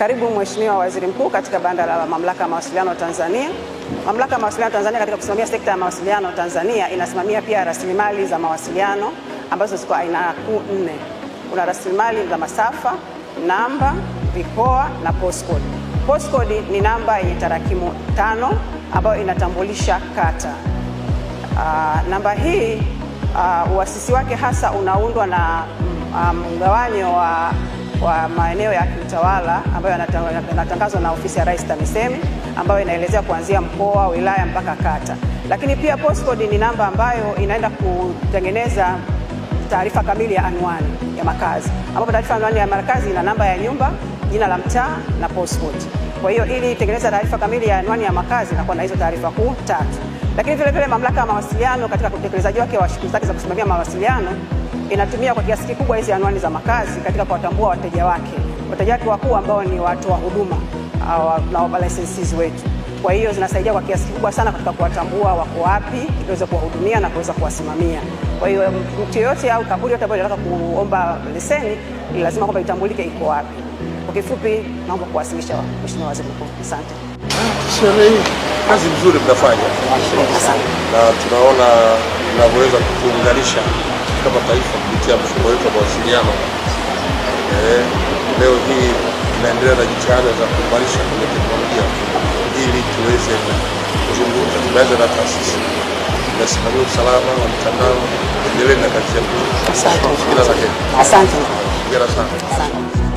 Karibu Mheshimiwa Waziri Mkuu katika banda la Mamlaka ya Mawasiliano Tanzania. Mamlaka ya Mawasiliano Tanzania katika kusimamia sekta ya mawasiliano Tanzania inasimamia pia rasilimali za mawasiliano ambazo ziko aina kuu nne. Kuna rasilimali za masafa, namba, vikoa na postcode. Postcode ni namba yenye tarakimu tano ambayo inatambulisha kata. Uh, namba hii uh, uasisi wake hasa unaundwa na mm, ah, mgawanyo um, wa wa maeneo ya kiutawala ambayo yanatangazwa na ofisi ya Rais TAMISEMI ambayo inaelezea kuanzia mkoa, wilaya mpaka kata. Lakini pia postcode ni namba ambayo inaenda kutengeneza taarifa kamili ya anwani ya makazi, ambapo taarifa anwani ya makazi ina namba ya nyumba, jina la mtaa na postcode. Kwa hiyo ili itengeneza taarifa kamili ya anwani ya makazi na na hizo taarifa kuu tatu. Lakini vile vile mamlaka ya mawasiliano katika utekelezaji wake wa shughuli zake za kusimamia mawasiliano inatumia kwa kiasi kikubwa hizi anwani za makazi katika kuwatambua wateja wake, wateja wake wakuu ambao ni watoa huduma na licenses wetu. Kwa hiyo zinasaidia kwa kiasi kikubwa sana katika kuwatambua wako wapi, tuweze kuwahudumia na kuweza kuwasimamia. Kwa hiyo mtu yoyote au kampuni yote ambayo inataka kuomba leseni, ni lazima kwamba itambulike iko wapi. Kwa kifupi, naomba kuwasilisha Mheshimiwa Waziri Mkuu. Asante. Sherehe kazi nzuri mnafanya na tunaona mnavyoweza kutuunganisha kama taifa kupitia mfumo wetu wa mawasiliano. Eh, leo hii tunaendelea na jitihada za kuimarisha kwenye teknolojia ili tuweze kuzungumza, tumeanza na taasisi inasimamia usalama wa mtandao. Endeleni na kazi yenu. Asante. Asante. Asante.